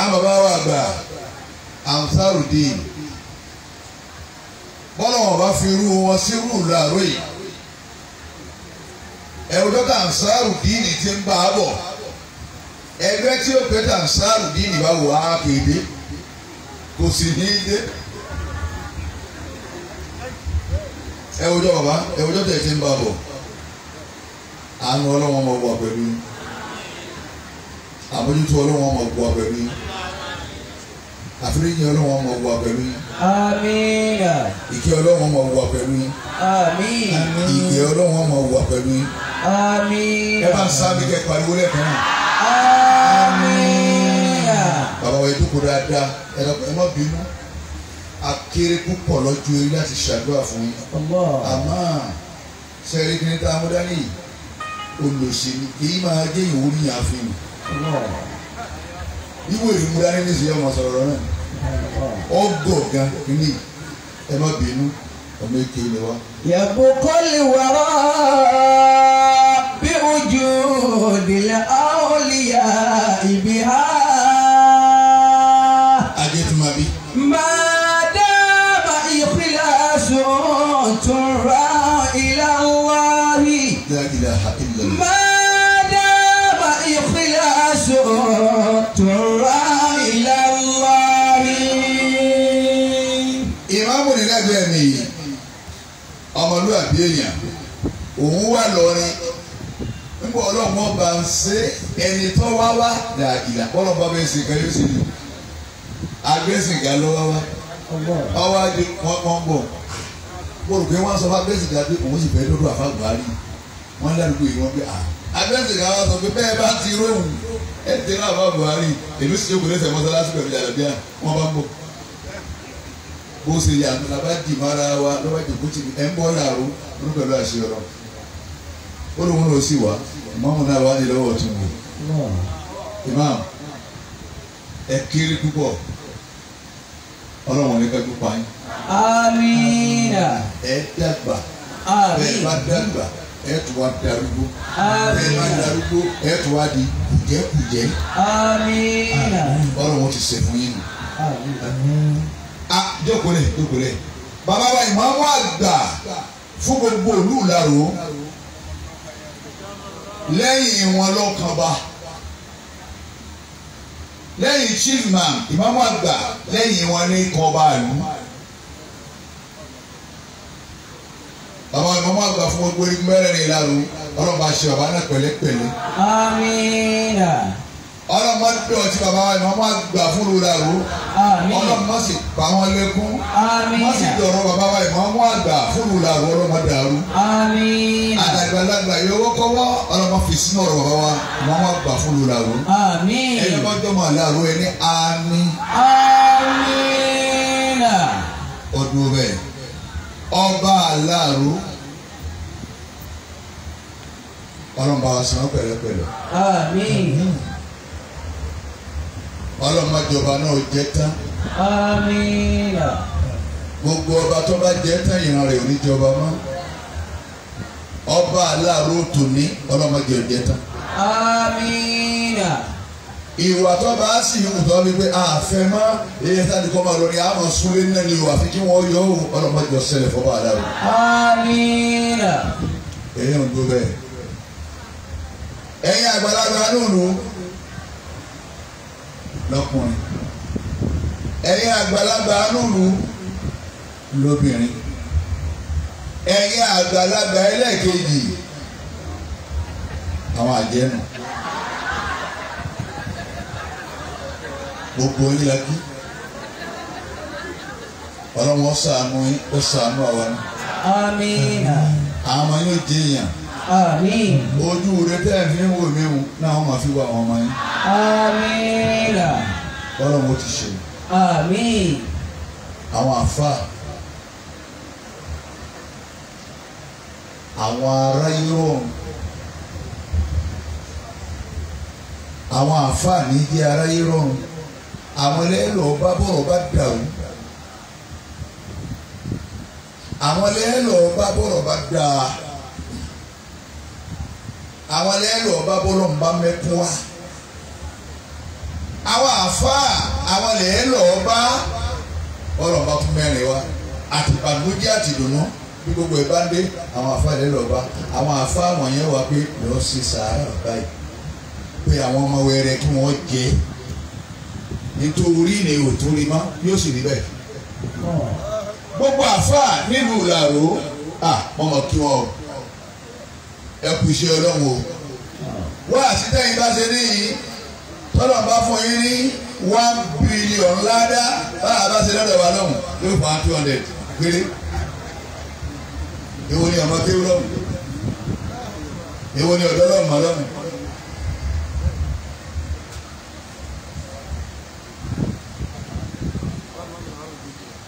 àwọn bàbá wa gbà ansarudin bọ́lá wọn bá fi irú wọn sí irú ìlú àrò yìí ẹ̀rù dọ́kà ansarudin ti ń bá a bọ̀ ẹgbẹ́ tí ó pẹ́tà ansarudin bá wò á kéde kò sì ní í dé. ẹ wùjọ bàbá ẹ wùjọ tẹ̀ ti ń bá a bọ̀ àánú ọlọ́wọ́n ọmọ wà pẹ̀lú yìí àmójútó ọlọ́wọ́n ọmọ ogun abẹ̀mí àfẹ́rẹ́yìn ọlọ́wọ́n ọmọ ogun abẹ̀mí. àmín. ìkẹ́ ọlọ́wọ́n ọmọ ogun abẹ̀mí. àmín. ìkẹ́ ọlọ́wọ́n ọmọ ogun abẹ̀mí. àmín. ẹ bá ń sábì kẹ́ pariwo lẹ́ẹ̀kan náà. bàbá wa ìdókòó dáadáa ẹ má bínú akéré púpọ̀ lọ́jọ́ eré láti ṣàdúrà fún yín. àmọ́ sẹ́rí kí ni tá a mú dání olùsìn kì í máa jẹ́ ìwúrí yàn fún ìwé ìmúra ní ní ìṣèyá ọmọ sọ̀rọ̀ náà ọgọ̀ gan ní ẹ má bínú ọmọ èké ni wa. yàgò kọ́lì wàrà bí ojú òdìlẹ̀ àwòlíyà ìbí ha. ma bí. máa ra ìlà wáyé. la ilaha àbí èèyàn òun wà lọ́rin nígbà ọlọ́run ọba ń ṣe ẹni tó wá wá dà ìlà kọ́lọ́ bá bẹ́ẹ̀ ṣe kan yóò ṣe nìyí agbẹ́sìn ga ló wá wá ọwọ́ adé wọ́n kàn ń bọ̀ mo rò pé wọ́n sọ fún agbẹ́sìn ga pé òun sì fẹ́ lọ́dọ̀ àfa Buhari wọ́n ládùúgbò yìí wọ́n pé à agbẹ́sìn ga wá sọ pé bẹ́ẹ̀ bá ti róhùn ẹ̀ tẹ́lẹ̀ àfa Buhari èmi sì jókòó lẹ́sẹ̀ mọ́sálásí pẹ̀lú jàdàbíà wọ́n bá ń bọ̀ bó ṣe yà mí labá dì mara wa lọ́wọ́ ìdìbò tì mí ẹ̀ ń bọ́ yàrá o pẹ̀lú àṣeyọrọ ó lóun ló sì wá ìmáàmù náà wà ní lọ́wọ́ tún wò ìmáàmù ẹ kéré púpọ̀ ọlọ́run ní kẹ́kọ̀ọ́ pa yín. amiina. ẹ dàgbà bẹ́ẹ̀ bá dàgbà ẹ tún wá darúgbó bẹ́ẹ̀ bá darúgbó ẹ tún wá di kùjẹ́kùjẹ́. amiina. ọlọ́run ti ṣe yín nù a ah, jókòó lẹ̀ jókòó lẹ̀ bàbá wa ìmọ̀ọ́mọ́ àgbà fún gbogbo òlú ìlàrò lẹ́yìn wọn lọ́kànba lẹ́yìn chiefman ìmọ̀ọ́mọ́ àgbà lẹ́yìn wọn ní kọba ìlú. bàbá wa ìmọ̀ọ́mọ́ àgbà fún gbogbo mẹ́rẹ̀ẹ̀rin ìlàrò ọlọ́ba ṣe bàbá náà pẹ̀lẹ́pẹ̀lẹ́. ọlọ́mọdé ọtí bàbá wa ìmọ̀ọ́mọ́ àgbà fún ìlú ọlọ́run má sì pa wọn lẹ́kún má sì dọ̀rọ̀ bàbá wa ìmọ̀ mú àgbà fúlù làwọn ọlọ́mọ dàrú àdàgbàlagbà yòówó kọ́wọ́ ọlọ́mọ fi sínú ọ̀rọ̀ bàbá wa ìmọ̀ mú àgbà fúlù làwọn ẹni bá jọmọ àlàró ẹni àmì ọdún bẹ́ẹ̀ ọba àlàró ọlọ́mọba wa sàn pẹ̀lẹ́pẹ̀lẹ́ ọlọ́mọjọba náà jẹ tán. àmín. gbogbo ọba tó bá jẹ tán ìran rẹ̀ ò ní jọba mọ́ ọba aláàrú tòní ọlọ́mọdé ọ̀jẹ̀ tán. àmín. ìwà tó bá sì wùtọ́ ni pé àfẹ́ mọ́ èyí tá a di kọ́ máa lọ ní àmọ́ súnlé náà ni ìwà fi kí wọ́n yọ òun ọlọ́mọdé ọ̀sẹ̀lẹ̀ fọ́ba aláàrú. àmín. ẹ̀yin àgbàlagbà nùnú lọ́kùnrin ẹ̀yin àgbàlagbà anúlù lóbìnrin ẹ̀yin àgbàlagbà ẹlẹ́ẹ̀kejì àwọn àjẹnù gbogbo yín la kí ọlọ́run ó ṣàánú yín ó ṣàánú àwa ni. àmín. àwọn ọmọ yóò jẹ èèyàn. àmín. ojú rẹ tẹ́ ẹ̀ fi ń wò mí mu náà wọ́n máa fi wá àwọn ọmọ yín àmín. ọlọ́run ó ti ṣe. àmín. àwọn àfáà àwọn ará yóòrùn àwọn àfáà ní jẹ́ ará yóòrùn àwọn ẹlẹ́lọ́ bá bọ̀rọ̀ bá dàrú àwọn ẹlẹ́lọ́ bá bọ̀rọ̀ bá dáa àwọn ẹlẹ́lọ́ bá bọ̀rọ̀ bá mẹ́kún wá àwọn àfáà àwọn lè lọ́ọ́ bá ọ̀rọ̀ bá tún mẹ́rin wa àti ìbànújẹ́ àti ìdùnnú bí gbogbo ẹ̀ bá ń dé àwọn àfáà lè lọ́ọ́ bá àwọn àfáà wọ̀nyẹn wà pé lọ́ọ́ sì sàárà báyìí pé àwọn ọmọ wẹrẹ kí wọ́n jẹ nítorí ni ò tó rí mọ́ yóò sì rí bẹ́ẹ̀. gbogbo àfáà nílùú làró wọ́n kí wọ́n ẹ kú iṣẹ́ ọlọ́run o wá àtijọ́ yìí bá ṣe níyì tọ́lọ̀ bá fún yín ní one billion ládá báyà bá ṣe lọ́dọ̀ wa lọ́hùn yóò fún wa two hundred péré èwo ni ọmọ kéwú lọ́hùn èwo ni ọ̀dọ́ lọ́hùn mọ́ lọ́hùn.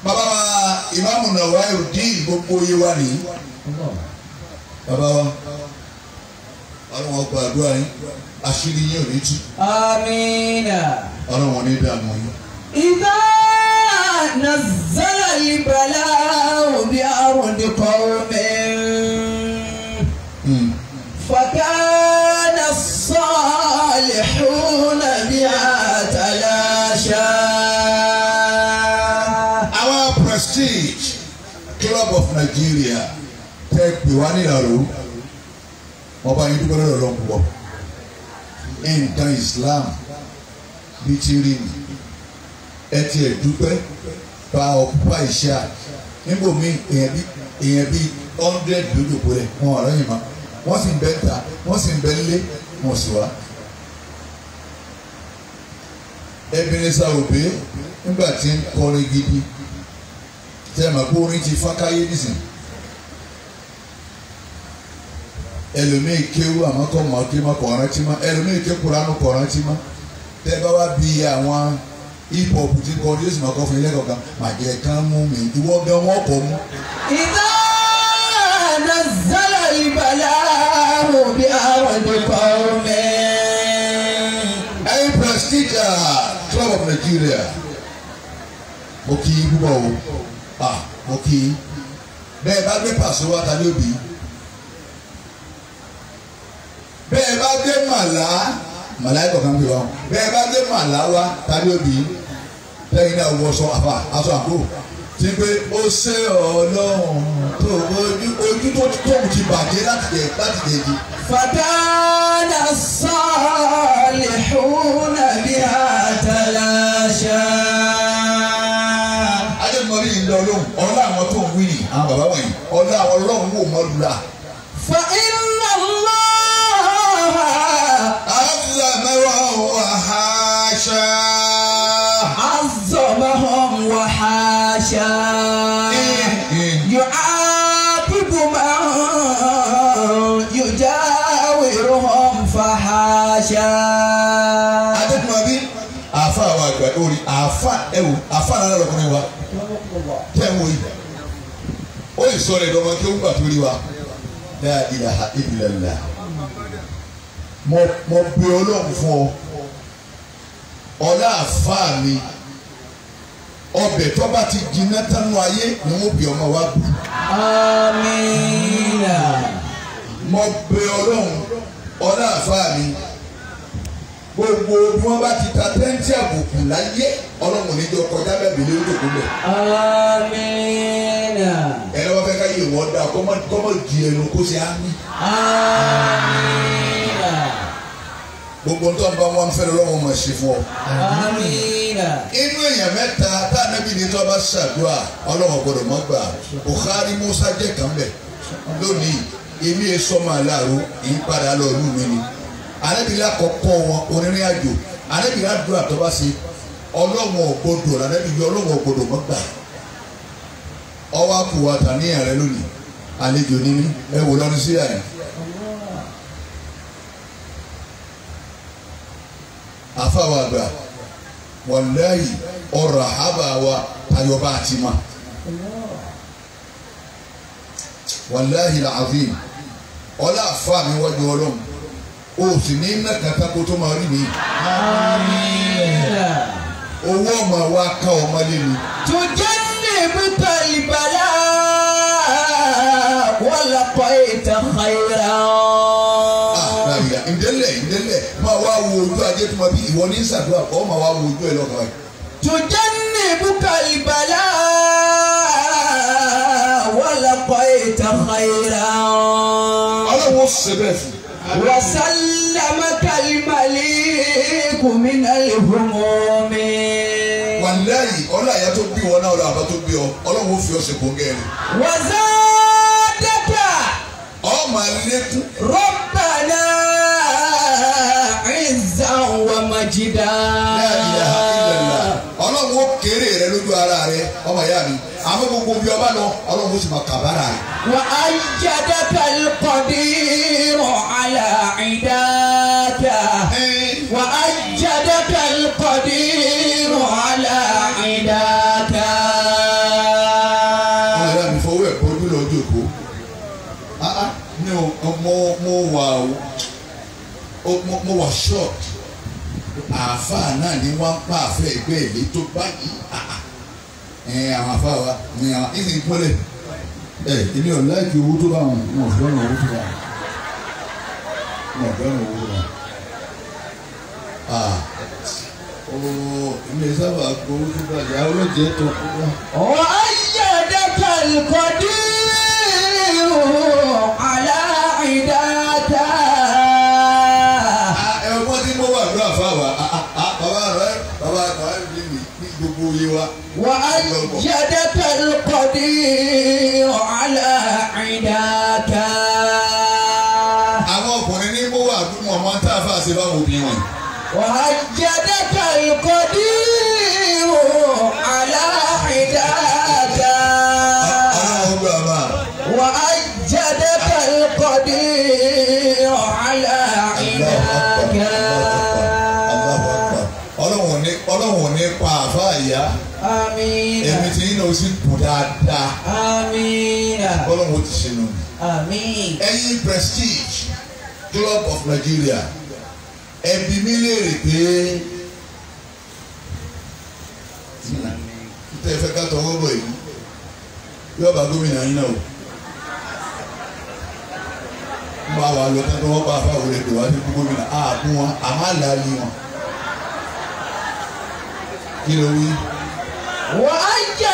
bàbá wa ìmáàmù Nawairuddin gbogbo yé wa nìyí bàbá wa ọlọ́run ọgbà àdúrà yín àṣírí yín ò ní tú. amina. ọlọ́run ní dààmú yín. ìbá nàzàlà ìbàlá òbí àrùn ní kọ́ọ̀mẹ́. فكان الصالحون بها تلاشى Our prestige club of Nigeria tẹ́ pè wá níyàrá ọba yìí dúpẹ́ lọ́dọ̀ lọ́n pọ̀ nǹkan Islam bíi ti rí ni ẹ tiẹ̀ dúpẹ́ bá ọ̀pá ìṣá nígbò míì èèyàn bíi hundred lójúkú rẹ̀ wọn ọ̀rọ̀ yìí mọ́ wọ́n sì ń bẹ́ ta wọ́n sì ń bẹ́ lé wọn sì wá. Ebenezer Obey nígbà tí ń kọrin gidi tẹ́ ẹ̀ mọ̀ pé orin ti fákáyé nísìnyí. ẹlòmíì kéwú àmọ́ kọ́ mọ́ kí mọ́ kọ́ rántí mọ́ ẹlòmíì ké kuranu rántí mọ́ tẹ́ bá bí àwọn hip hop ti kọ́ ọdún yóò fún ilé kọ̀ọ̀kan màjẹ̀ kan mú mi ìwọ gan wọ́n kọ́ mú. ìdá àdàzálà ìbàlá mo bí àwọn ìdíkọ̀ mẹ́. ẹyin prestige club of Nigeria mo kí púpọ̀ o ah, mo kí bẹ́ẹ̀ bá gbé pàṣẹ wa ta ló bí i bẹ́ẹ̀ bá dé màlá màlá yìí kọ̀ọ̀kan bí wa bẹ́ẹ̀ bá dé màlá wa tàbí òbí lẹ́yìn náà wọṣọ àfà aṣọ àpò ti pé ó ṣe ọlọ́run tó ojú ojú tó tóun ti bàjẹ́ láti jẹ láti jẹ di. fàdánà sọ́ọ̀lì hùnà bí àtàlàṣà. adé mọ́rí ìlọlọ́hùn ọlá àwọn tó ń wí ni àwọn bàbá wọ̀nyí ọlọ́run wò mọ́ lula. يشاء عظمهم وحاشا يعاتب من يجاورهم فحاشا àfa àwọn àgbà lórí àfa ẹ wò àfa náà lọkùnrin wa tẹ wò yìí ó yìí sọ rẹ dọmọ kí ó ń gbà torí wa dáa ìlà ìlà ìlà mo mo bí ọlọ́run fún ọ ọlá àfáà mi ọbẹ̀ tó bá ti jiná tánú ayé ni wọ́n bí ọmọ wa bù. amiina. mo bẹ ọlọ́run ọlá àfáà mi gbogbo bí wọ́n bá ti ta tẹ́ńtì àbùkù láyé ọlọ́run níjọ kọjá bẹ́ẹ̀ bìlẹ̀ ojúkú bẹ̀. amiina. ẹ lọ́wọ́ fẹ́ ká yé wọ́n dá kọ́mọ́ di ẹnu kó ṣe á ní. amiina gbogbo tó ń bá wọn fẹ́ lọ́wọ́ máa ṣe fún ọ. inú èèyàn mẹ́ta tá a nábì ní tó bá ṣàdúrà ọlọ́wọ́ gbọ́dọ̀ má gbà Buhari Musa jẹ́ kan bẹ̀ lónìí èmi yẹn e sọ́mọ́ aláàrú èyí padà lọ ìlú mi ni arábìnrin àkọ́kọ́ wọn onírìn àjò arábìnrin àdúrà tó bá ṣe ọlọ́wọ́ gbọ́dọ̀ arábìnrin ọlọ́wọ́ gbọ́dọ̀ má gbà ọwọ́ àkùwà tàníyàn rẹ lónìí àlejò ní ẹ wò lọ́dún sí àyè. àfàwà àgbà wàláyì ọ̀rọ̀ àhábà wa ayọ̀bá àti ma wàláyì làhàfíìm ọlá àfa mi wájú ọlọ́run o sì ní nàkàtà kó tó máa rí mi. owó ọmọ wa ká ọmọ lé mi. tó jẹ́ ní ìbúta ìbàdàn wọ́n lọ́kọ̀ ètò ìrọ̀ ìdẹ́lẹ̀ ìdẹ́lẹ̀ máa wá wo ojú ajé tó máa bí ìwọ ní sàdúrà kọ́ máa wá wo ojú ẹ̀ lọ́kàn rẹ̀. tùjẹ́ ní ibùkà ìbàlá wàlàkọ̀ ìtàkà ìlà. aláwọ̀ sẹ́bẹ̀ fún. wàsálàmà kàlímàlì kùmínà lè fún omi. wàlẹ́yìn ọláyà tó bí wọn náà ọ̀rọ̀ tó bí ọ ọlọ́run fi ọ̀sẹ̀ kó gẹ́rẹ́. wàzá dẹ́pà. ọmọ alẹ́kùn. rọ́bà náà. májídá. ọlọ́run ó kéré rẹ lójú ara rẹ ọmọ ìyá mi àmọ́ gbogbo bí ọba lọ ọlọ́run ó sì máa kàbára rẹ. wà á yàda kàlí kọ́dí mọ́ àlà ìdá wà á yàda kàlí kọ́dí mọ́ àlà ìdá ọmọ ìyá mi fọwọ́ ẹ̀ bọ́dún lọ́jọ́ kó. mo wà mo wà shocked àáfàá náà ni wọ́n ń pa àfẹ́ ẹgbẹ́ ìlé tó báyìí àwọn àáfàá wa ni àwọn ìsìn pọ́lẹ̀ ẹ èmi ò láìkí owó tó bá wọn wọn ò fẹ́ràn owó tó bá wọn wọn ò fẹ́ràn owó tó bá wọn ilé sábà gbowó tó bàjẹ́ àwọn olóòjẹ́ tó kú. ọ̀hún ayé ẹ̀dẹ́gbẹ̀rún kọ́dí. gbogbo yé wa. wà á yàda tẹlifọdì ọ̀hálà àwọn ọkùnrin ní kó wà fún ọmọ tá báwo bí wọn. wà á yàda dáadáa. amiina. ọlọ́run ó ti ṣe nù. àmín. prestige club of Nigeria ẹbí mi léèrè pé tẹ fẹ́ ká tọwọ́ bọ̀ yìí yóò bá gómìnà yín náà o n bá wa lọ tán tọwọ́ bá fáwọn olè tó wá sí gómìnà àbú wọn àmà làálí wọn kí ló wí. wàá jẹ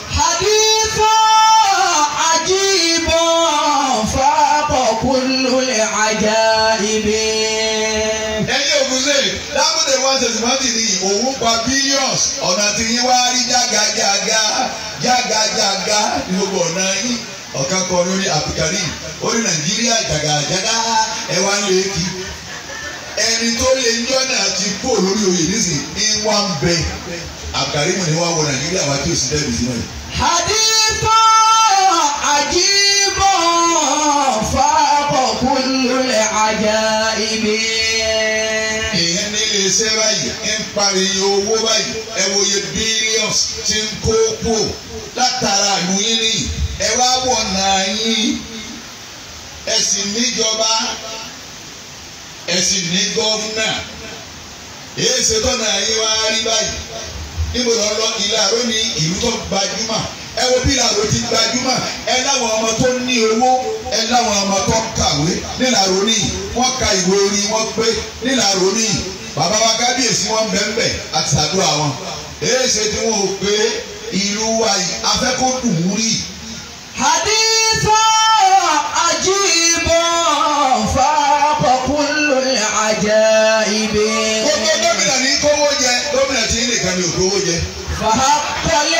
Fabulous ọ̀nà tí yín wá rí jágajàga jágajàga ní gbogbo ọ̀nà yín ọ̀kan kan lórí Abdulkareem ó Nàìjíríà jàgàjàgà ẹ wá ń lè kí ẹni tó lè ń jọ́nà àti kó lórí oyè nísìnyí ní wá ń bẹ Abdulkareem ni wá wọ Nàìjíríà wá tí ò sí dẹ́bi sí náà. àdìbò àdìbò fàbọ̀ kúlù lẹ́ ibi ṣiṣẹ́ báyìí ń pariwo owó báyìí ẹ wo iye billions ti ń kó kú látara àlù ni ẹ wá wọ̀ náà yín ẹ sì níjọba ẹ sì ní gọ́fúnà èyí ṣe tọ́nà yín wá rí báyìí níbo lọ lọ Ìláró ní ìlú tó gbajúmọ̀ ẹ wo bí Ìláró ti gbajúmọ̀ ẹ láwọn ọmọ tó ní owó ẹ láwọn ọmọ tó kàwé nílàró ní wọ́n ka ìwé orí wọn pé nílàró ní bàbá wa kábíyèsí wọn bẹ́ẹ̀nbẹ́ àti àdúrà wọn èyí ṣe tí wọn ò pé ìlú wa afẹ́kọ̀dùn rí. àdìsọ́ àjíbọ̀ fàkọ̀kúlù àjẹ́ ibi. gbogbo gómìnà ní kówó jẹ gómìnà tí nìkan ní òkówó jẹ. fàákọ́lé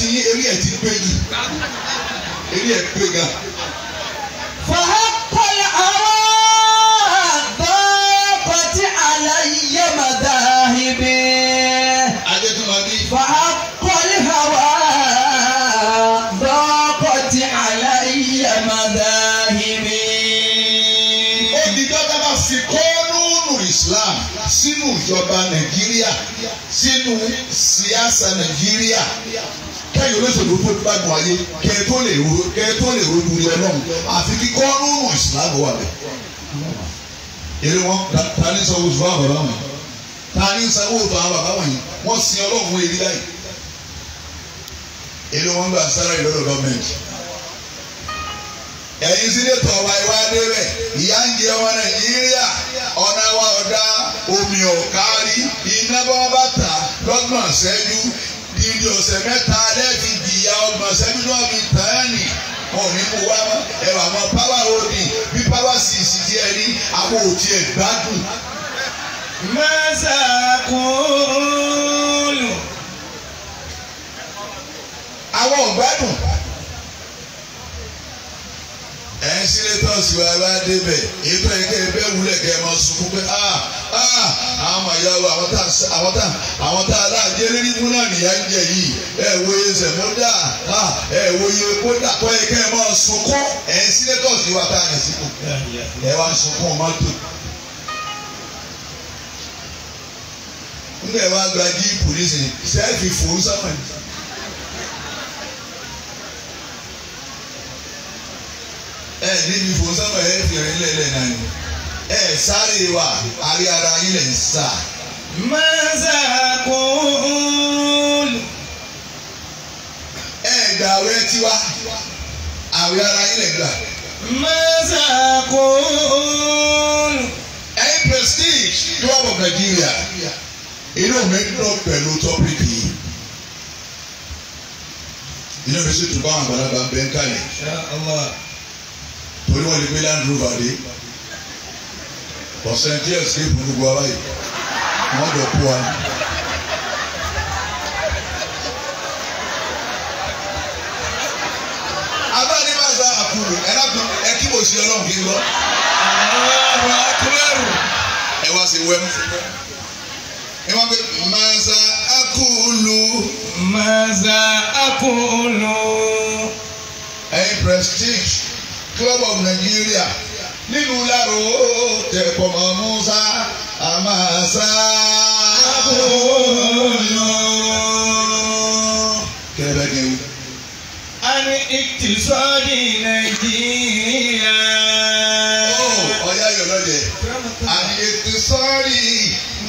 ti eré ẹ̀ e ti pé jù eré ẹ̀ pé ga. فحق الأراء ضاقت علي مذاهبي فحق الهوى ضاقت علي sínú ìjọba Nàìjíríà sínú síásà Nàìjíríà kẹ́yìn olóṣèlú tó gbádùn ayé kẹ́ ẹ tó lè ro kẹ́ ẹ tó lè rojú ilé ọlọ́run àfi kíkọ́ rúrùn ìsìlámù wà bẹ́ẹ̀. èrè wọn ta ní sanwó oṣù fún àwọn bàbá wọn ta ní sanwó oṣù àwọn bàbá wọn yìí wọ́n sin ọlọ́run èrí láyìí. èrè wọn gba sára ìlọ́dọ̀ gọ́ọ̀mẹ̀ntì. ẹ̀yin sínétọ̀ ọba ìwà adébẹ̀ ìyá ń jẹ ọmọ nàìjíríà ọ̀nà wa ọ̀dà omi ọ̀kárí iná bá bàtà lọ́gbọ̀n ṣẹ́jú odidi ọ̀sẹ̀ mẹ́ta lẹ́ẹ̀fi jìyà ọgbà sẹ́mínọ́ọ̀mù tẹ́ẹ̀nì ọ̀ní kò wá mọ́ ẹ̀rọ àwọn páwá òdì bí páwá sì sì di ẹni àwọn òtí ẹ̀ gbádùn. mẹ́sà àwọn ò gbádùn ẹ̀yin sínétọ̀sì wa bá débẹ̀ ètò yẹn kẹ́ wúlẹ̀ kẹ́ ẹ máa sunkún pé a ah, a ah, àwọn ọmọ ìyá wa àwọn tá àwọn tá aláàjẹ rírí mú náà nìyá ń jẹ yìí ẹ wo iye zẹmọdà a ah, ẹ wo iye kódà kọ́ ẹ kẹ́ ẹ máa sunkún ẹ̀yin sínétọ̀sì wa tá a rìn síkù ẹ wá sunkún mọ́tò. nígbà yẹn wá gba díìpù nísìnyí sẹ́ẹ̀fì fòó sáwọn yìí. ẹ níbi fò sọmọ ẹ fìrẹ lẹlẹ náà ni ẹ sáré wa àrí ara yín lẹ ń sá. mẹ́sà kò ń. ẹ gbà àwẹ̀ tiwa àwẹ̀ ara yín lẹ gbà. mẹ́sà kò ń. ẹ prestige club of Nigeria inú mi dùn pẹ̀lú tọ́pìkì yìí inú mi sì tún bá àwọn àgbàlagbà bẹ́ẹ̀ kálẹ̀ torí wọ́n lè gbé Land Rover ọ̀sẹ̀ díẹ̀ sí ìbùdókọ̀ aláì wọ́n jọ kú wa. abánimásá àkùrù ẹ̀dàkùn ẹ kí mo ṣe ọlọ́run kí n lọ. àwọn akúrẹ́rù ẹ wá sí wẹ́mú. ẹ wá pé màsà àkùlù. màsà àkùlù. ẹyin prestige club of Nigeria nílùú Lárò tẹ̀pọ̀ mọ́ Musa Amasa. kẹrẹ ni o. a ní ìtìsọ́ọ̀dì Nàìjíríà. ọ̀ya yọ̀ lọ́jẹ̀ a ní ìtìsọ́ọ̀dì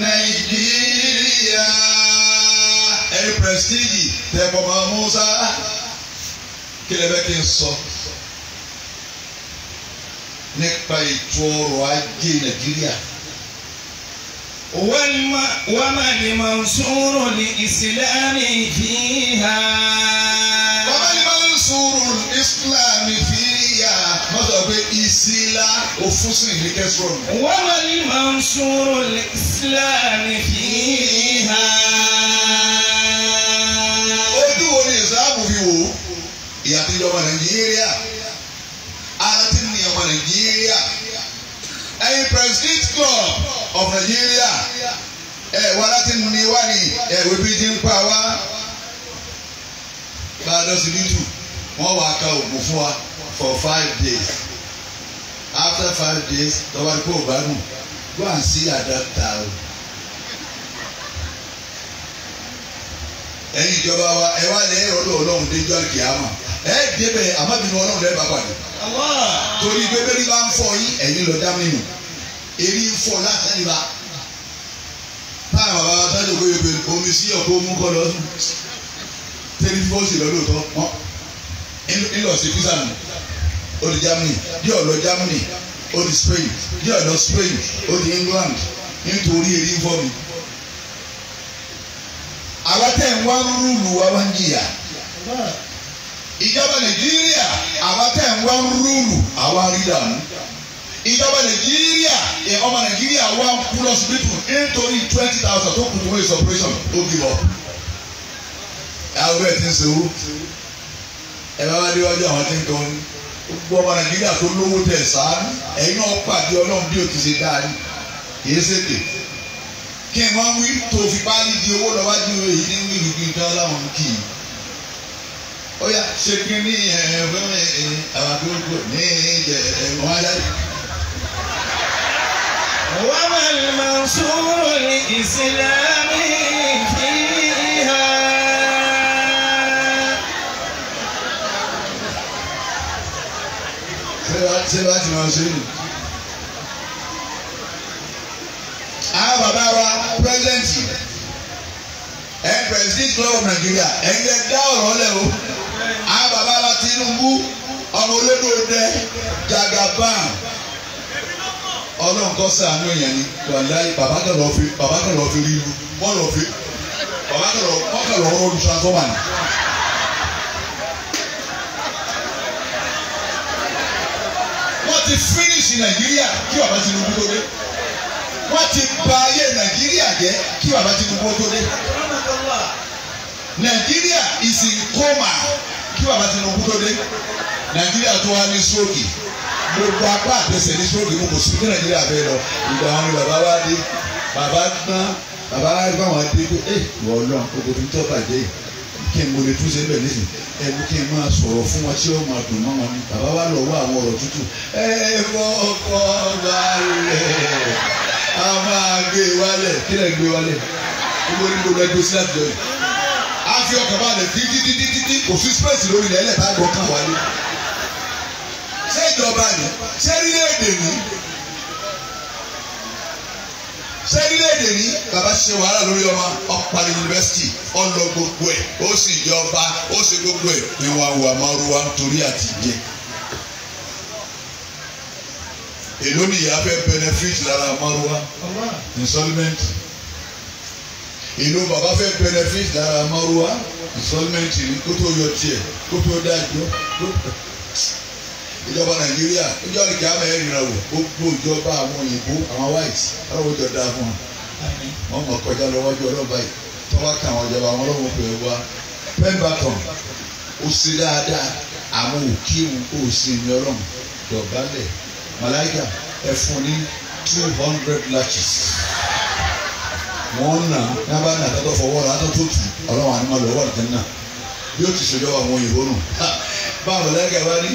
Nàìjíríà. ẹni prestige tẹ̀pọ̀ mọ́ Musa kí lè bẹ́ kí n sọ. So nípa ètò ọrọ̀ ajé nàìjíríà. wàmà ni mansuru ní ìsìlámì fìhà. wàmà ni mansuru ní ìsìlámì fìhà. wọ́n sọ pé ìsìlá òfin sí ìlú kẹsàn-án. wàmà ni mansuru ní ìsìlámì fìhà. ojú wo ni ìsáàbù fi wò ìyàtọ̀ nàìjíríà. President Club of Nigeria ẹ eh, wá láti mú mi wá ní ẹ̀wé bí ti ń pa wá bá a lọ́sí nítù wọ́n wá ka oògùn fún wa for five days after five days tọ́ba kó o bá nù go and see adapta o. ẹ̀yin ìjọba wa ẹ wá lẹ ọ̀dọ̀ Ọlọ́run déjọ kìámà ẹ débẹ̀ àmọbìnrin Ọlọ́run lẹ bá pàdé torí bébélì bá ń fọ yín ẹ̀yin lọ dá mímu èrí ń fọ látàlíbà táwọn bàbá wa tán lóko yẹpẹ omi sí ọkọ mú kọ lọ tẹni tí wọn sì lọ lóòótọ́ wọn ńlọ sí pizza nù ó di Germany díẹ̀ lọ Germany ó Spain díẹ̀ lọ Spain ó England nítorí èrí ń fọ mi àwa tẹ̀ ń wá rúlù wa wá ń jìyà ìjọba Nàìjíríà àwa ń wá rúlù àwa rí dànù ìjọba nàìjíríà ọmọ nàìjíríà wá kú lọ síbítù nítorí twenty thousand tó kù tó wọ́n ìsọpúrẹ́sọ̀n ó bímọ. àwọn ẹ̀ ti ń sèwú ẹ bá wá déwájú àwọn tí ń tọ́ ní gbogbo ọmọ nàìjíríà tó lówó tẹ̀ sáánú ẹ̀yin náà pàdé ọlọ́run bí òtí ṣe dáa ní kìí ṣètè kí wọ́n wí tó fi bá ní di owó lọ́wọ́ ju èyí ní wíìlì bíi dán láwọn kì í ó yà ṣe kí ní ẹ̀ẹ́dẹ́gbẹ̀rún àwọn àbí ó gbò ní وما المنصور الإسلامي فيها ṣé láti máa ṣe nù. àwọn bàbá wa pírẹsidẹ́ǹtì ẹ̀ pírẹsidẹ́ǹtì lọ́wọ́ Nàìjíríà ẹ̀ ń yẹ dá ọ̀rọ̀ lẹ̀ o. àwọn bàbá Jagaban ọlọ́run kọ́ sàánú yẹn ni wàláyé bàbá kẹlọ fi bàbá kẹlọ fi rí ibu wọ́n lọ fi bàbá kẹlọ wọ́n kẹlọ ọ̀rọ̀ olùsàtọ́wà ni. wọ́n ti fínísì nàìjíríà kí bàbá Tinubu tó dé wọ́n ti bà ayé nàìjíríà jẹ́ kí bàbá Tinubu tó dé nàìjíríà is in coma kí bàbá Tinubu tó dé nàìjíríà tó wá ní sóòkì gbogbo apá àtẹsẹ̀ ní sóòdì mú sí kí nàìjíríà bẹ́ẹ̀ lọ ìgbà wọn ni bàbá wa dé bàbá gbọ́n bàbá wa bá wọn dé pé ẹ wọ́n lọ gbogbo tó ń tọ́ bàjẹ́ kí n mo lè túnṣe bẹ́ẹ̀ nísìn ẹ mú kí n máa sọ̀rọ̀ fún wọn tí ó máa dùn mọ́ wọn ni bàbá wa lọ wá àwọn ọ̀rọ̀ tútù ẹ fọ́ ọkọ balẹ̀ a máa gbé wálẹ̀ kí lè gbé wálẹ̀ gbogbo ní gbogbo ẹgbẹ́ sílẹ̀ tó yẹ a fi ọkọ̀ jọba ni sẹ́rílẹ̀-èdè ni sẹ́rílẹ̀-èdè ni bàbá ṣe wàhálà lórí ọmọ ọ̀pàlẹ̀ yunifásitì ọ̀lọ́ gbogbo ẹ̀ ó sì jọba ó sì gbogbo ẹ̀ ìwà wà márùwà nítorí àtijẹ́ èló ni ìyá fẹ́ benefit lára márùwà installment èló bàbá fẹ́ benefit lára márùwà installment ni kó yọ tiẹ̀ kó dájọ́ kó ìjọba nàìjíríà ìjọ àlìkí àmọ́ ẹ̀ gbogbo ìjọba àwọn òyìnbó àwọn white ọlọ́wọ́ jọ da fún wọn wọn kọjá lọ́wọ́jú ọlọ́ba yìí tọ́wọ́ kan àwọn ìjọba àwọn ọlọ́wọ́ pè é wá ó ṣe dáadáa àwọn òkè òun kò ní ọlọ́run dọ̀bálẹ̀ malaika ẹ fún ní two hundred lashes wọ́n nà ní abáná àtọ́tọ́ fọwọ́ rà àtọ́tọ́ tù ọlọ́run àni má lọ́wọ́ àtẹ́ bí ó ti ṣèjọba àwọn òyìnbó nù báwo malaika wá ní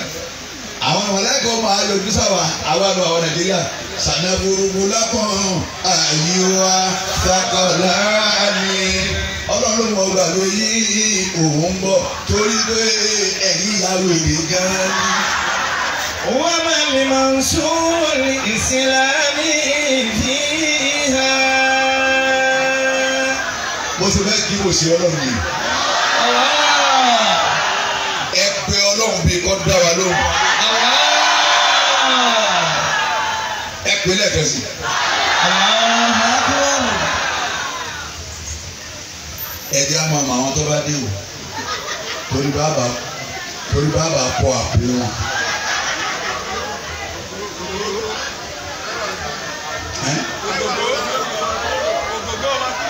àwọn mọ̀lẹ́kọ̀ máa yọjú sáwà àwa lọ àwọn nàìjíríà sànàbùrùbù lápọ̀n àyíwá sàkọ̀lá ni ọlọ́run mọ̀ gbàgbé yìí òun bọ̀ torí pé ẹ̀yìn ìyàwó èdè gan wọ́n máa ń mọ̀ sóòlì ìsìlámì fi mo ti fẹ́ kí mo ṣe ọlọ́run yìí. pé lẹ́ẹ̀kẹ́sì. ẹ̀jẹ̀ á máa mọ àwọn tó bá dé o torí bàbá torí bàbá pọ̀ àpò wọn.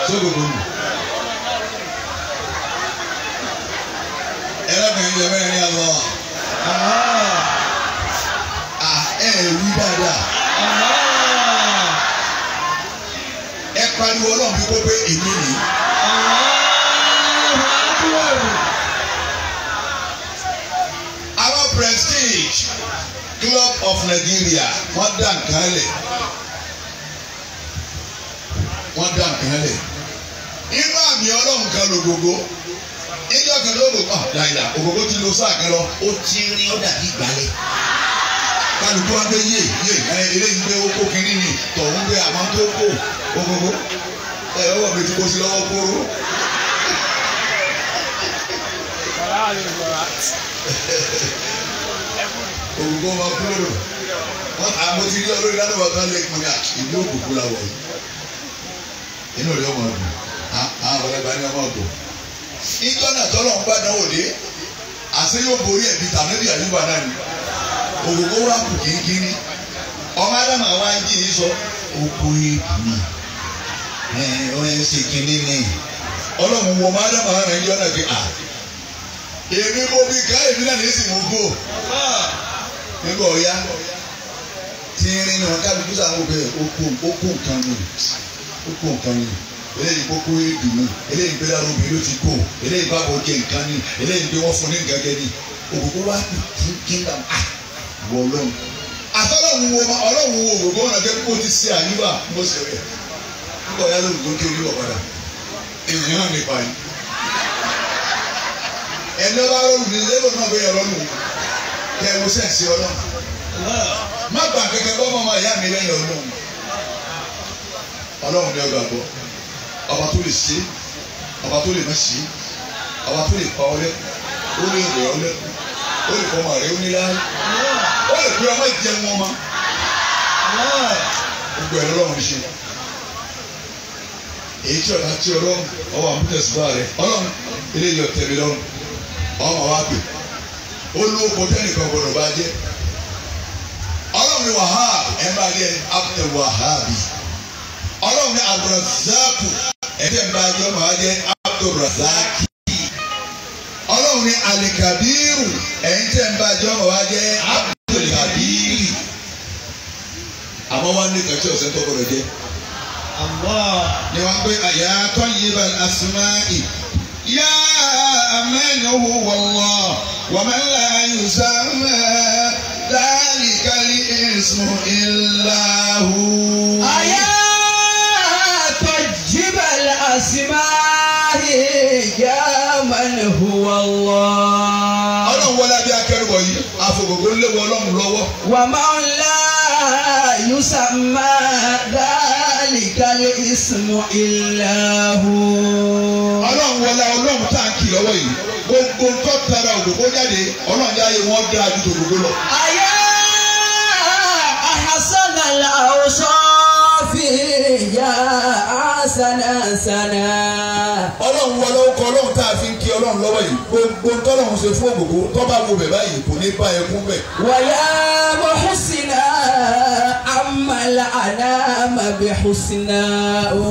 sókòtò nù. ẹlẹ́kùnrin jẹ́ bẹ́ẹ̀ ní ọlọ́wà. ẹ ẹ wí dáadáa. pariwo ọlọ́run kó pé èmi nì. àwọn prestige club of Nigeria wọ́n dá nǹkan lẹ̀ wọ́n dá nǹkan lẹ̀ inú àmì ọlọ́run kan lògógó ìjọ kan ló lò pa ah, dáìlà ògógó ti lo sáà kan lọ ó ti rí ó dàbí ìgbálẹ̀ kálukú wa fẹ́ yé yé ẹ eléyìí pé ó kó kínní ni tọ̀hún pé àmọ́ tó kó ogogo ẹ ọwọ́ mi ti kó sí lọ́wọ́ kóró. ogogo wa kúrò àmọ́ ti rí ọlọ́rin lánàá wa kán lè pọn ní ìlú òkùnkùn la wọ̀ yìí inú rẹ̀ ọmọ ọdún àwọn ọ̀rẹ́gbà ni ọmọ ọdún ìjọ náà tọ́lọ́ ń bá náà òde àṣẹ yóò borí ẹ̀bí tàbí ẹ̀bí àyùbá náà nìyẹn òkòkò wà kù kìrìkìrì ọmọ adama wa ń jìn sọ oko èkìní ẹ ọ ẹ ṣe kìíní ni ọlọ́run wọ ọmọ adama wa rẹ̀ ń jẹ́ ọ̀nà pé à èmi mo bí ká èmi náà ní ìsìn gbogbo nígbà ọ̀ya tí ń rìn náà kábíyú sáwọn òkè oko nǹkan ni oko nǹkan ni eléyìí kókó èdè ni eléyìí gbé dáná obìnrin ló ti kó eléyìí bá bọ̀ jẹ nǹkan ni eléyìí gbé wọ́n fún ní nǹkan ni òkòkò wa kì í kí n dà á wọ ọlọ́run àtọ́lọ́run wo ọlọ́run wo òwò wọn àjẹ́ kó ti ṣe àyíwá mo ṣe rẹ̀ nígbà yá lóhùn tó ń kí oníwọ̀ padà èèyàn náà nípa yìí ẹni ọba rọrùn ní lébò náà bẹ́ẹ̀ rọrùn kẹ mo ṣe ṣe ọlọ́run má gbà kẹkẹ bọ́ mọ́ ìyá mi lẹ́yìn ọlọ́run ọlọ́run ni ọgbà bọ́ ọba tó lè ṣe ọba tó lè má ṣe ọba tó lè pa ọlẹ́ ó lè rẹ̀ ọlẹ́ ó lè fọmọ rẹ̀ ó ní láyé lè pé ọmọ ìjẹ wọn ma gbogbo ẹ̀rọ ọ̀hún ṣe èyí tí ọ̀dà tí ọlọ́run ọwọ́ àmútẹ̀síbá rẹ ọlọ́run eléyìí ọ̀tẹ̀ mi lọ́rùn ọmọ wa pè olùkọ́ tẹ́nìkan gbọdọ̀ bá jẹ́ ọlọ́run ni wàhálà ẹ̀ máa rí ẹ abdul wahabi ọlọ́run ni abdulrazaku ẹ̀jẹ̀ ń bá jẹ́ máa jẹ́ abdulrazaki ọlọ́run ni alikabiru ẹ̀jẹ̀ ń bá jẹ́ máa jẹ́ abdulrazaki àmọ́ wá ní kàtí ọ̀sẹ̀ tó gbọdọ̀ jẹ́. ni wọ́n pe àyà tó yé ba asúná ì. yá amẹ́nu hu wọ̀wọ̀ wàmẹ́lá yusamẹ́ dáàrí kárí ẹ̀sùn ìlàhù. àyà tó yé ba asúná ì yá amẹ́nu wọ̀wọ̀ léwu ọlọ́run lọ́wọ́. wà á máa ń lá yusa máa dhalika ismu ìlàhù. ọlọ́run wọlé ọlọ́run tá à kì lọ́wọ́ yìí gbogbo tó tara òdòdó jáde ọlọ́run jáde wọ́n dá ju tòdòdó lọ. ayé ahasana la ọsọ fi ya sànà sànà. ọlọ́run wọ lọ́wọ́ kọ ọlọ́run tá a fi ń kí ọlọ́run lọ́wọ́ yìí gbogbo tọ́lọ́run ṣe fún ògògó tọ́ba wo bẹ̀ báyìí kò ní bá ẹkún bẹ̀. wàyà bọ̀ húsìnà àmàlà àná màbẹ̀ húsìnà o.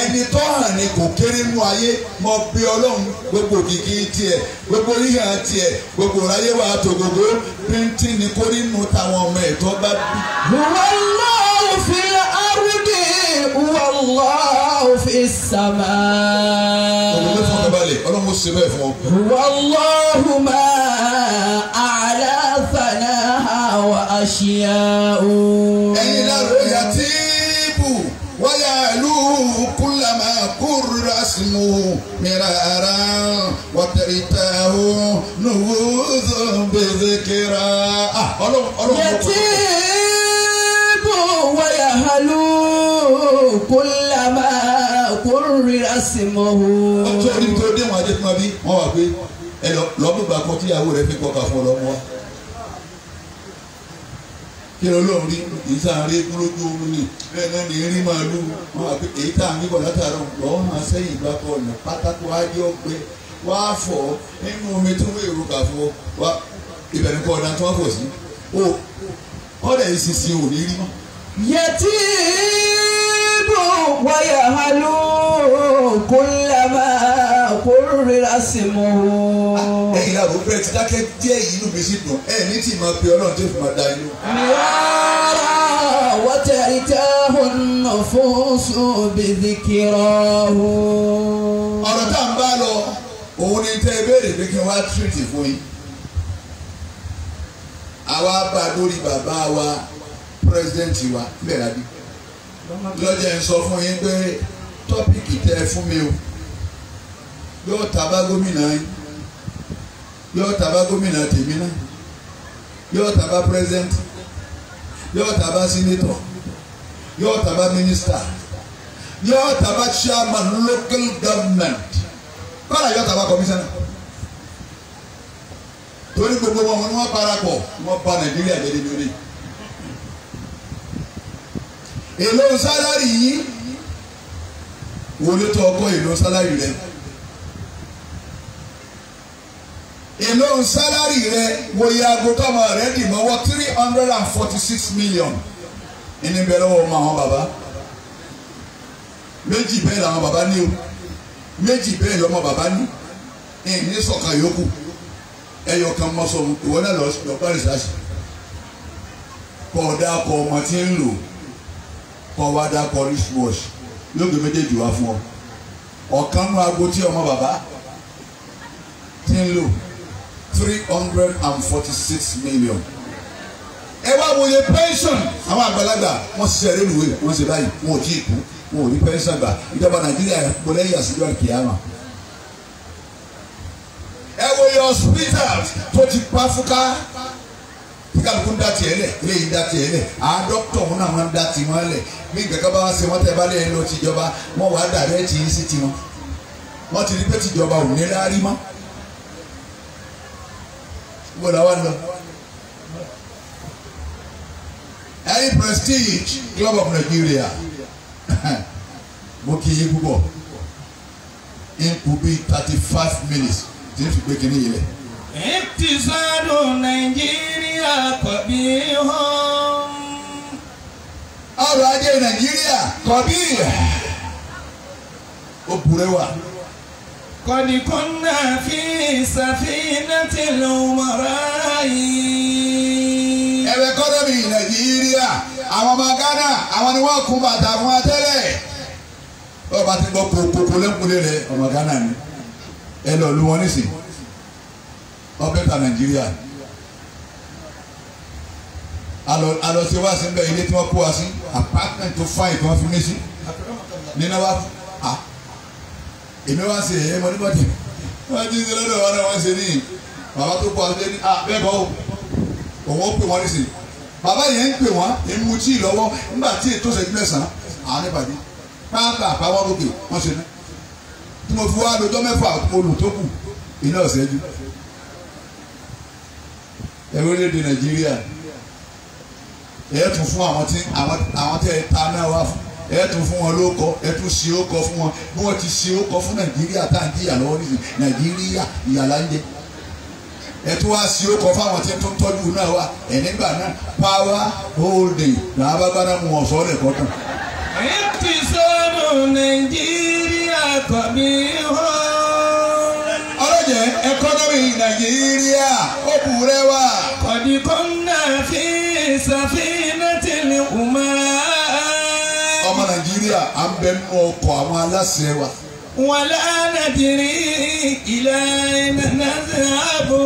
ẹni tó hàn ní kò kéré nú ayé mọ bí ọlọ́run gbogbo kìkì tiẹ̀ gbogbo yíyà tiẹ̀ gbogbo ráyé wà á tògògó píntín ní kórìínú táwọn ọmọ ẹ̀tọ́ bá bí. wọ́n lọ wàlláhu fi sàmà. olùdó fún ọkọ balẹ̀ ọlọ́run ó ṣe bẹ́ẹ̀ fún ọ. wàlláhu ma àlá fana wa àṣìyà o. ẹ̀yin lárò yàtí bù wáyà lù kúlàmà kúrúra sínú mìíràrà wàtẹ̀rìtàwó nùwó zọ̀ǹbẹ̀zẹ̀kẹ̀rà. Ah, ọlọ́run ọlọ́run kò kọ́. kúlámà kúrìrà sí o. ọjọ́ orí tó dé wọn adékúnmá bí wọ́n wà pé ẹ lọ́mùgbà kan tíyàwó rẹ fi kọ́ka fún ọlọ́mọ wa. kí ló lóun rí ìsàárẹ̀ kúlójú oorun ni bẹ́ẹ̀ náà ní rí màálù wọn wà pé èyí tá à ń yíbọ̀ látàrọ̀ lọ́wọ́ máa sẹ́yìn ìgbà kan ọ̀nà pátákó ajé ọgbẹ wá fọ̀ nínú omi tó ń èrò kà fún wa ìbẹ̀rẹ̀ kọ́ ọ̀dà tó wá fọ̀ sí. ó ọ̀dà ويهلو كلما قرر اسمه ẹ̀yin àrò bẹ́ẹ̀ ti dákẹ́ díẹ̀ yìí inú mi sì dùn ẹ̀ ní tí máa pe ọlọ́run tó fi máa da inú. yàrá wọ́tẹ̀rì táwọn nà fún sóbìdì kìrọ̀ o. ọ̀rọ̀ tá à bá lọ òun ni tẹ́ béèrè pé kí n wá tírìtì fún yín. àwa bá a lórí bàbá wa pírẹsidẹ́ǹtì wa bẹ́ẹ̀ la lọ́jà ń sọ fún yín pé tọ́pìkì tẹ́ fún mi o yóò ta bá gómìnà yín yóò ta bá gómìnà tèmi náà yóò ta bá president yóò ta bá senator yóò ta bá minister yóò ta bá chairman local government kọ́lá yóò ta bá commissioner torí gbogbo wọn wọn parapọ̀ wọn bà Nàìjíríà jẹ́ débi orí yìí èlò sálárì yìí wo ló tó ọkọ èlò sálárì rẹ èlò sálárì rẹ wo iye aago tọmọ rẹ dì mọ́wọ́ three hundred and forty six million ẹni bẹ lọ́wọ́ ọmọ àwọn bàbá méjì bẹ́ẹ̀ làwọn bàbá ní o méjì bẹ́ẹ̀ lọ́mọ bàbá ní ní sọ̀ka yòókù ẹyọ kan mọ́ sọ ìwọ náà lọ́ọ́ bá rìsáàsì kọ́ ọ̀dà kọ́ ọmọ tí ń lò kọ́ wá dákọ̀ rich wash yóò gbé méjèèjì wá fún ọ ọ̀kan nu aago tí ọmọ bàbá ti ń lò three hundred and forty six million ẹ wá wòye pension àwọn àgbàlagbà wọ́n ṣiṣẹ́ rélùwé wọ́n ṣe báyìí wọn ò tí ì kú wọn ò ní pension gbà ìjọba nàìjíríà gbọ́dọ̀ yà sí ìjọba kìáma ẹ wòye hospital tó ti pa fúká kíkàlùkù ń dá tiẹ̀ lẹ̀ ilé yìí ń dá tiẹ̀ lẹ̀ àádọ́tọ̀ wọn náà máa ń dá tiwọn lẹ̀ bí nǹkan bá wá sí wọn tẹ bá lẹ́yìn lọ tìjọba wọn wàá dàbẹ́ tì í sí tiwọn wọn ti rí pé tìjọba ò ní rárí mọ́ wọ́n làwọn lọ. ẹni prestige club of Nigeria mo kì í púpọ̀ n kù bí thirty five minutes tí n fi gbé kínní yìí lẹ̀. ìtìsọ́dún nàìjíríà kò hàn ọrọ̀ ajé nàìjíríà kọ̀bí ó burẹ́wà. قد كنا في سفينة الأمراء ẹ̀rẹ̀ kọ́dọ̀mì nàìjíríà àwọn ọmọ ghana àwọn ni wọ́n kún bàtà fún wa tẹ́lẹ̀ bọ́ọ̀ bá ti gbọ́ pòpòpò lẹ́kùnlé rẹ̀ ọmọ ghana ni ẹ lọ́ọ́ lu wọn nísìn ọbẹ̀ ta nàìjíríà alọ alọ se wá sí bẹ́ẹ̀ ilé tí wọ́n kó wa sí apartment tó fáyìn tí wọ́n fi mí sí nínú wa à èmi wá sí ẹ̀yẹ mọ́tìmọ́tì wọ́n ti ṣe lọ́dọ̀ wọn náà wọ́n ṣe níyì bàbá tó kó wa sí ní à bẹ́ẹ̀ kọ́ o òun ó pè wọ́n nísìnyí bàbá yẹn ń pè wọ́n ń mu tíì lọ́wọ́ nígbà tí ètò ìṣẹ́jú mẹ́sàn-án àánú ìpàdé pápá àpáwọ́ lókè wọ́n ṣe náà tí mo fi wá lọ́jọ́ mẹ́fà olùtókù iná ọ̀sẹ́jú ẹ̀rọ orílẹ̀-èdè Nàìjíríà ẹ fún àwọn tí àwọn tẹ ta náà wá fún ẹ fún wọn ló kọ ẹ ṣe ó kọ fún wọn bí wọn ti ṣe ó kọ fún nàìjíríà tá à ń jìyà lọ́wọ́ nìyí nàìjíríà ìyà ń jẹ ẹ wá ṣe ó kọ fáwọn tí tó ń tọ́jú náà wá ẹ náà power holding làá bá gbára mu ọ̀sọ́ rẹ̀ kọ́ tán. ètò ìsọnù nàìjíríà ó kù rẹwà. kọ̀dí kọ́ńdà fi sàfínàtì ní umá. ọmọ nàìjíríà à ń bẹ nínú ọkọ̀ àwọn aláṣẹ wa. wàlá nàdìrí ilẹ̀ nàdàbò.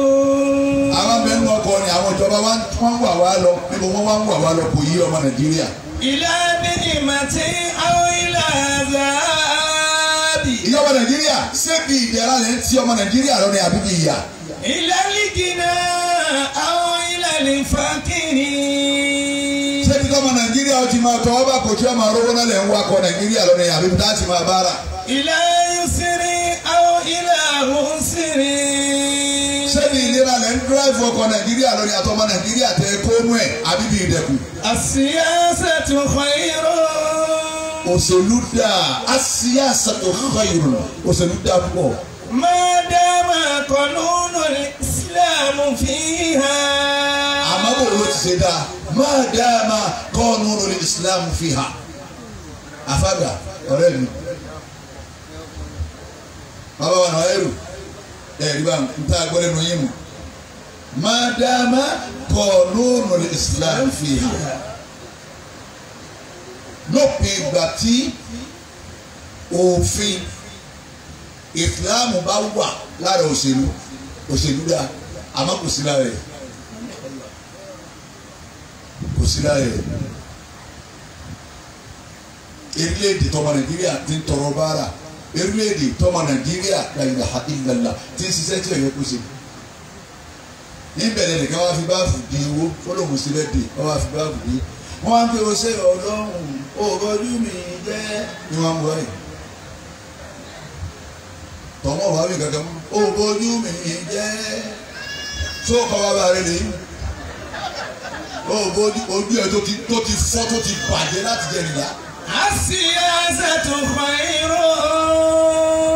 àwọn bẹ nínú ọkọ̀ ni àwọn ìjọba wa ń wà wá lọ níbo wọ́n wá ń wà wá lọ kò yí ọmọ nàìjíríà. ilẹ̀ bíi màtí àwọn ilẹ̀ àzáàbì. ìjọba nàìjíríà ṣé bí ìdẹ̀ra lẹ́ ń ti ọmọ nàìjíríà lọ ni àbí bí ìyà. ìlẹ́lì jìnnà àwọn lìfàkìrì. ṣé ibi tọ́mọ nàìjíríà ó ti máa tọ́ ọ́ bá kò tí ó máa rówó náà lẹ̀ ń wakọ̀ nàìjíríà lọ́nà yàrá ibi tá a ti máa bá rà. ilé yusiri àwọn ilé àwọn siri. ṣé ibi ìlera lẹ́ ń dúráìfù ọkọ̀ nàìjíríà lọ́nà yàtọ̀ ọmọ nàìjíríà tẹ kónú ẹ̀ àbí ibi ìdẹ̀kù. àṣìyá sẹ́tù khairu. òṣèlú dáa àṣìyá sẹ́tù khairu òṣèlú dáa púpọ̀. máa dá máa kọ̀ lónà ìsìlámù fi hàn báwo ló ti ṣe dáa máa dáa máa kọ́ ọ́nù lórí Islam fi hàn àfàgbà ọ̀rẹ́ mi bàbá wa náà ẹrù e, ẹ̀rí bá ń tá a gbọ́ lẹ́nu yín mu máa dáa máa kọ́ ọ́nù lórí Islam fi hàn lópin ìgbà tí òfin ìsìláàmù bá wà lára òṣèlú òṣèlú dáa àmọ́ kò sí lára yìí kò sí láyè erílẹ̀-èdè tọmọ nàìjíríà ti ń tọrọ báárà erílẹ̀ tọmọ nàìjíríà la ilaha illallah ti ń ṣiṣẹ́ tí ò kó ṣe níbẹ̀rẹ̀ nìkan wá fi báàfù di owó fọlọ́mù sílẹ̀ dè wọ́n wá fi báàfù di wọ́n á ń pe oṣẹ́ ọlọ́run òbọ̀dú mi jẹ́ ni wọ́n á mú wáyé tọ́mọ̀ wá wí kankan mọ́ òbọ̀dú mi jẹ́ tó kọ́ wá bá rẹ̀ lẹ́yìn. Oh, ojú ẹ tó ti tó ti fọ́ tó ti bàjẹ́ láti jẹ nìyá. a sì ẹsẹ̀ tó fa irọ́.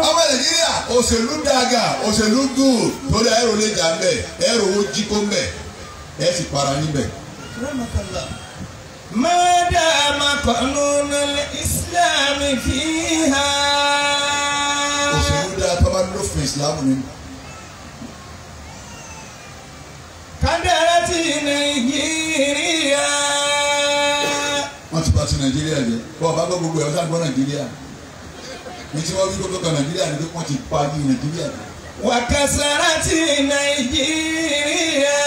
ọmọ nàìjíríà òṣèlú dàgà òṣèlú dùn torí ẹrù lè jà mbẹ ẹrù owó jí mbẹ ẹ sì para níbẹ̀. mọ́dà màkànún islam fi hàn. òṣèlú dàgà tó bá lófin islam nínú. Kandara ti nàìjíríà. wọ́n ti bá ti nàìjíríà jẹ́ bọ́ọ̀ bá gbọ́ gbogbo ẹ̀ ọ́ sáà gbọ́ nàìjíríà ní tí wọ́n wí kó tó kan nàìjíríà ni pé wọ́n ti pa ní nàìjíríà. wàkàsára ti nàìjíríà.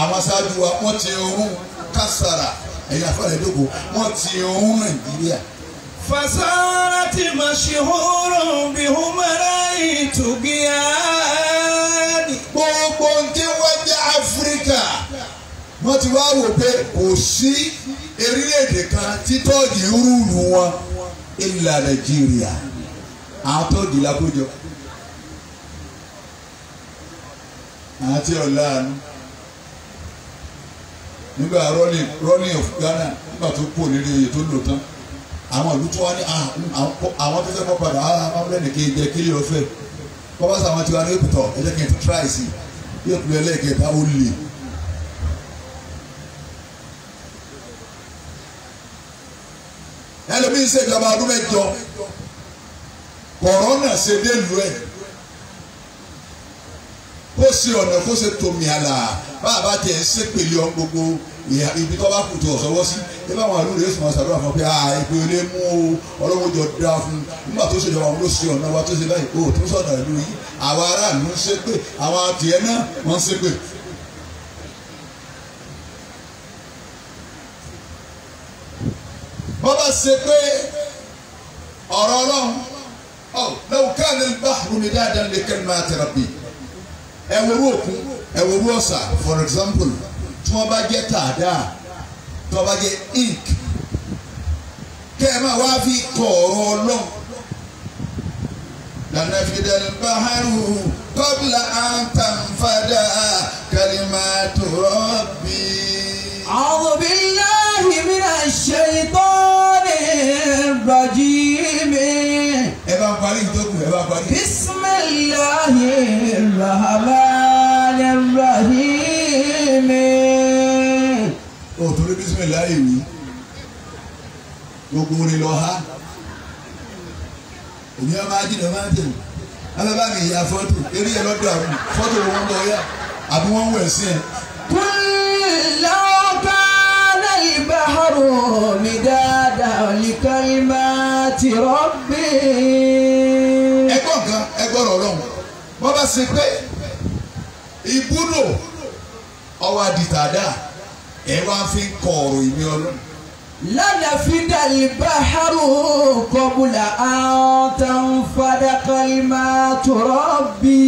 àwọn aṣáájú wa wọ́n ti ohun kásàrà ẹ̀yìn afárẹ̀ dògbò wọ́n ti ohun nàìjíríà. fasara ti màṣíhóró bí humara ìtùgíyà. wọ́n ti wá wò pé kò sí erílẹ̀-èdè kan tí tọ́ọ̀gì rúùlù wọn ìlà nàìjíríà àtọ́ọ̀gì lákójọ. àti ọ̀làánú nígbà rolling rolling of Ghana nígbà tó kú òní oyè tó lò tán àwọn ìlú tó wá ní ah, àwọn tó fẹ́ kọ́ padà amúlẹ́nì kì í jẹ́ kí yóò fẹ́ kọ́ bá sàwọn tí wọ́n á ní èkútọ̀ ẹ jẹ́ kí n try sí i yóò pè é lẹ́ẹ̀kẹta ó lè. ẹlòmíín ṣe ìjọba ọdún mẹ́jọ kọ̀rọ́nà ṣe dé lu ẹ̀ kó ṣe ọ̀nà kó ṣe tòmí àlà bàbá tiẹ̀ ń ṣèpèlè ọ̀n gbogbo ibi tó bá kù tó ọ̀sọ́wọ́ sí ẹ bá wọn àlùrè èsì wọn ṣàdúrà fún ọ pé a ìpè olè mú o ọlọ́wọ́ jọ dá fún nígbà tó ṣèjọba wọn ló ṣe ọ̀nà wa tó ṣe báyìí o tó ṣọ̀nà ìlú yìí àwọn aráàlú ń ṣépè àwọn àtìẹ́ náà wọ́n ń ṣépè ṣe pé ọ̀rọ̀ ọlọ́run ọ̀ lẹ́wọ̀n káàlẹ́ báhùrù mi dáadáa lè kẹ́ máa tẹ̀rẹ̀ bí ẹ̀wòrú òkun ẹ̀wòrú ọ̀sà for example tí wọ́n bá jẹ́ tàdáà tí wọ́n bá jẹ́ ink kẹ́ ẹ̀ máa wá fi kọ ọ̀rọ̀ ọlọ́run lànàfidàlì báhárù kọ́bìlà àǹtàǹfàdà kàlímà tó rọ́ọ̀bì. أعوذ بالله من الشيطان الرجيم بسم الله الرحمن الرحيم òtúrí bísímìláì wí gbogbo orin lọ ha èmi ọmọ ajínigbà máa ń tẹ̀lé alábàámi ìyá fọ́tò eré ẹ lọ́dọ̀ àwọn fọ́tò wọn lọ yá àbí wọ́n ń sí ẹ. قل لو كان البحر مدادا لكلمات ربي ẹgbọ́n kan ẹgbọ́n ọlọ́run wọ́n bá ṣe pé ibùdó ọwọ́ àdìtàdá ẹ wá fi ń kọ ọ̀rọ̀ ìmí ọlọ́run. lánàfídà ìbáhárù kọbùlà àwọn tó ń máa tọrọ bí.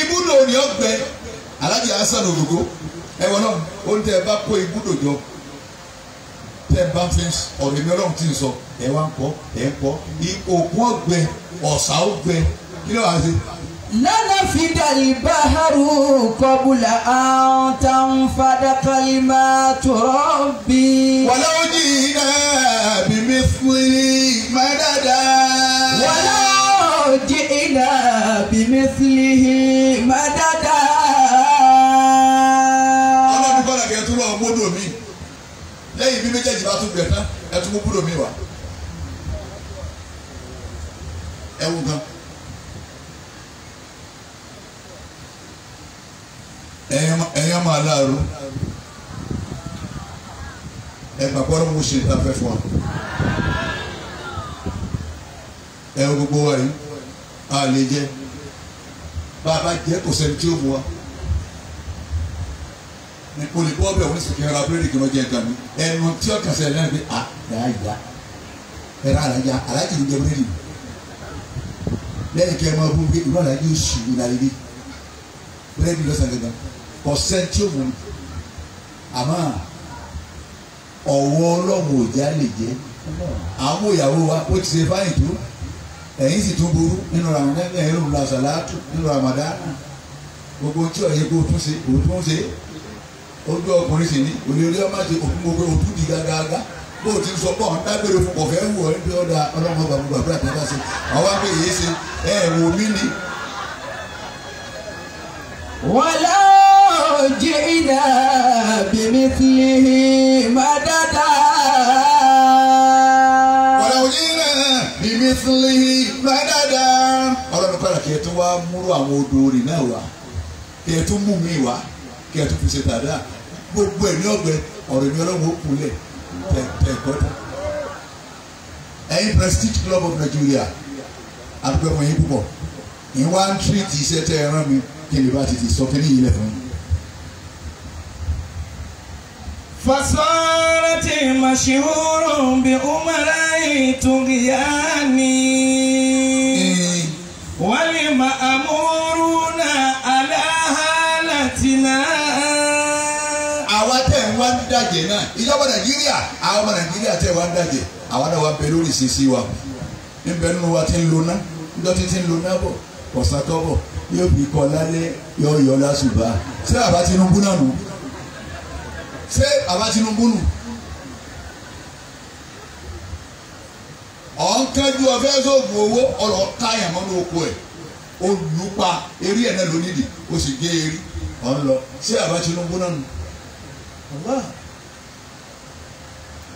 ibùdó ni ọgbẹ́ alájà hasan olùkó ẹwọ náà ó ní tẹ ẹ bá kó ibùdó jọ tẹ bá fẹ́ ọ̀rọ̀ èmi Ọlọ́run tí sọ ẹ wá ń kọ ẹ ń kọ òkun ọgbẹ ọ̀sà ọgbẹ kí ló wà á ṣe. lọ́nà fìdàlì báhárù kọbùlà àǹtàn fàdákàlìmà tòrọ bí. wàlá ojì náà bí mi fún yìí má dáadáa. wàlá ojì náà bí mi fún yìí má dáadáa. méjèèjì bá tún gbẹ tán ẹ tún mú búrò mi wá ẹ wù gan. ẹ̀yàn máa láàrú ẹ gbàgbọ́ ló mú ṣe ìtafẹ́ fún wa ẹ gbogbo wa yìí a lè jẹ bá a jẹ kò sẹ́ni tí ó mú wa ìpolè bọ́ bẹ̀ wọ́n sì kí ara búrẹ́dì kí wọ́n nǹkan mi ẹnu tí ó kàn sẹ́yìn lẹ́nu pé ah, a ẹ̀rá ìyá ẹ̀rá àlàyé àlàyé kìí jẹ búrẹ́dì lẹ́yìn kí ẹ máa bú pé ìlú àlàyé yóò sùn ní ayé búrẹ́dì lọ́sàn-án gẹ́gẹ́ ọ̀sẹ̀ tí ó mú mi àmọ́ ọ̀wọ́ ọlọ́run ò já lè jẹ́ àwọn ìyàwó wa ó ti ṣe fáyìn tó ẹ̀yìn sì tún burú nínú ramadan ẹ̀yìn lòun lọ sàlátù nínú ramadan gbogbo tí ọ̀yẹ́ kó tún ṣe òun tún ṣe ojú ọkùnrin sì ni òlélí ọmọ àti òkú gbogbo òkú di gágágá bó o ti sọ pé ọ̀n dágbére fún kọ̀fẹ́ wù ọ́ níbi ọ̀dà ọlọ́mọ bàbá bàbá àtàkà sí àwa pé èyí ṣe ẹ wò mí ni. wàlá òjì ìdá bèmí fi má dáadáa. wàlá òjì ìdá bèmí fi má dáadáa. ọlọ́run padà kí ẹ tún wá múrò àwọn odò rè náà wá kí ẹ tún mú mi wá kí ẹ tún fi ṣe tàdá gbogbo ẹ̀ ní ọ̀gbẹ́ ọ̀rọ̀ ìní ọlọ́run ó kulẹ̀ tẹ̀gbọ́tà. ẹ̀yin Prestige Club of Nigeria àdúgbò yín púpọ̀ ní wá ń tírìtì iṣẹ́ tẹ́ ẹ rán mi kí ni bá ti ti sọ kíní yìí lẹ̀ fún mi. فصارت مشهور بأمراء تغياني ولمأمور dàjẹ́ náà ìjọba nàìjíríà àwọn ọmọ nàìjíríà tẹ̀ wá dàjẹ́ àwọn náà wá bẹ lórí ìṣesí wa níbẹ̀ nínú wa ti ń lona níjọ́ ti ti ń lona bọ̀ ọ̀sán tó bọ̀ yóò fi kọ́ lálẹ́ yọ yọ lásùbà ṣé bàbá Tinubu náà nù ṣé bàbá Tinubu nù ọ̀nkẹ́jú ọ̀fẹ́ sóògùn owó ọ̀rọ̀ táyàn mọ́nú oko ẹ̀ olùpa eré ẹ̀ náà lónìí ó sì gé eré ọ̀n lọ ṣé bàbá Tinubu náà nù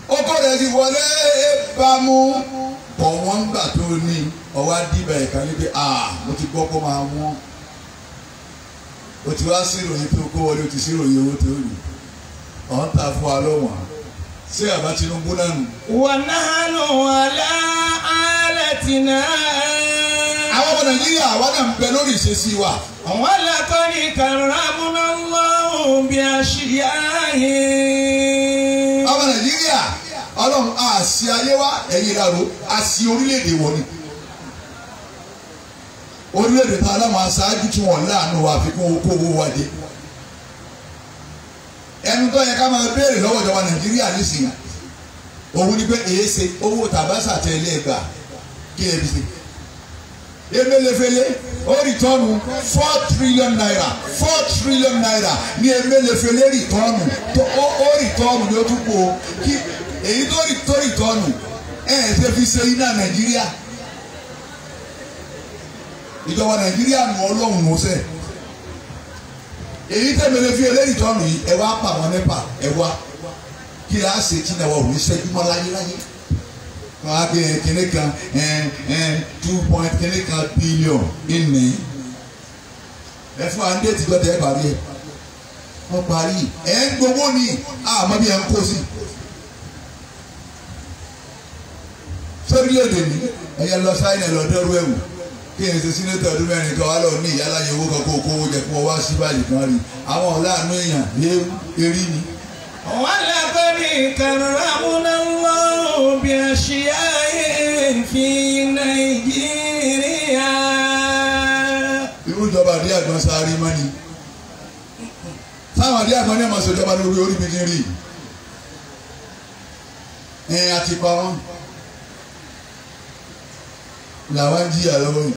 oko rẹ̀ ti wọlé bámú bọ̀ wọ́n gbà tó ní ọwọ́ adìbẹ̀ ẹ̀ka níbi à mo ti gbọ́ kó máa wọ́n o ti wá sí ìròyìn tó kó wọlé o ti sí ìròyìn owó tó lù ọ̀hún ta fún wa lọ́wọ́n ṣé àbá Tinubu náà nù. wà náà nù wàlá àlẹ́ tì náà àwọn ọmọ nàìjíríà àwa náà ń bẹ lórí ìṣesí wa. wọ́n lè kọ́ ní kàrámúná lọ́hùn bí a ṣe yá yìí nàìjíríà ọlọ́run àṣì ayé wa ẹ̀yìn ìlàró àṣì orílẹ̀-èdè wọ̀ ni orílẹ̀-èdè ta láwọn aṣáájú tí wọ́n láàánú wa fi kún okó owó wa dé ẹnu tó yẹ ká máa béèrè lọ́wọ́ ìjọba nàìjíríà nísìnyí òun ni pé èé ṣe owó tàbá ṣàtẹ̀lé ẹgbàá kí ẹ bí ṣe emelefele ó rìtọ́nù four trillion naira four trillion naira ni emelefele rìtọ́nù ó rìtọ́nù ní ojú kò ki èyí tó rìtọ́nù ẹ̀ ẹ́ ṣe fi ṣe iná nàìjíríà ìjọba nàìjíríà nù ọlọ́run mọ́sẹ̀ èyí tẹ̀mẹ̀lẹ̀ fi eléyìí tọ́nu yìí ẹ wá pa àwọn nípa ẹ wá kí a ṣe tí náà wà òun ṣẹ́jú mọ́ láyé láyé wàá bí eh, kìnìún kan eh, eh, two point kìnìún kan billion ìní ẹ fún wa ní ètí gbọ́dọ̀ ẹ parí ẹ wọ́n parí ẹ ń gbowó ni àmọ́ bí ẹ ń kó sí sórílẹ̀-èdè mi ẹ̀yẹ lọ sáyẹn lọ dẹ́rù ẹ̀wù kí n ṣe sínétọ̀ ọdún mẹ́rin kan wá lọ ní ìyá láyé owó kan kó kówó jẹ fún ọ wá kan rí àwọn ọ̀la àánú èèyàn erí ni. ولقد كرمنا الله بأشياء في Nàìjíríà. irú ìjọba àdé àgbọn sáré mọ́ ni táwọn àdé àgbọn náà máa sọ ìjọba lórí orí mi kiri ẹ̀ àti pa wọ́n làwọn ń jìyà lọ́wọ́ yìí.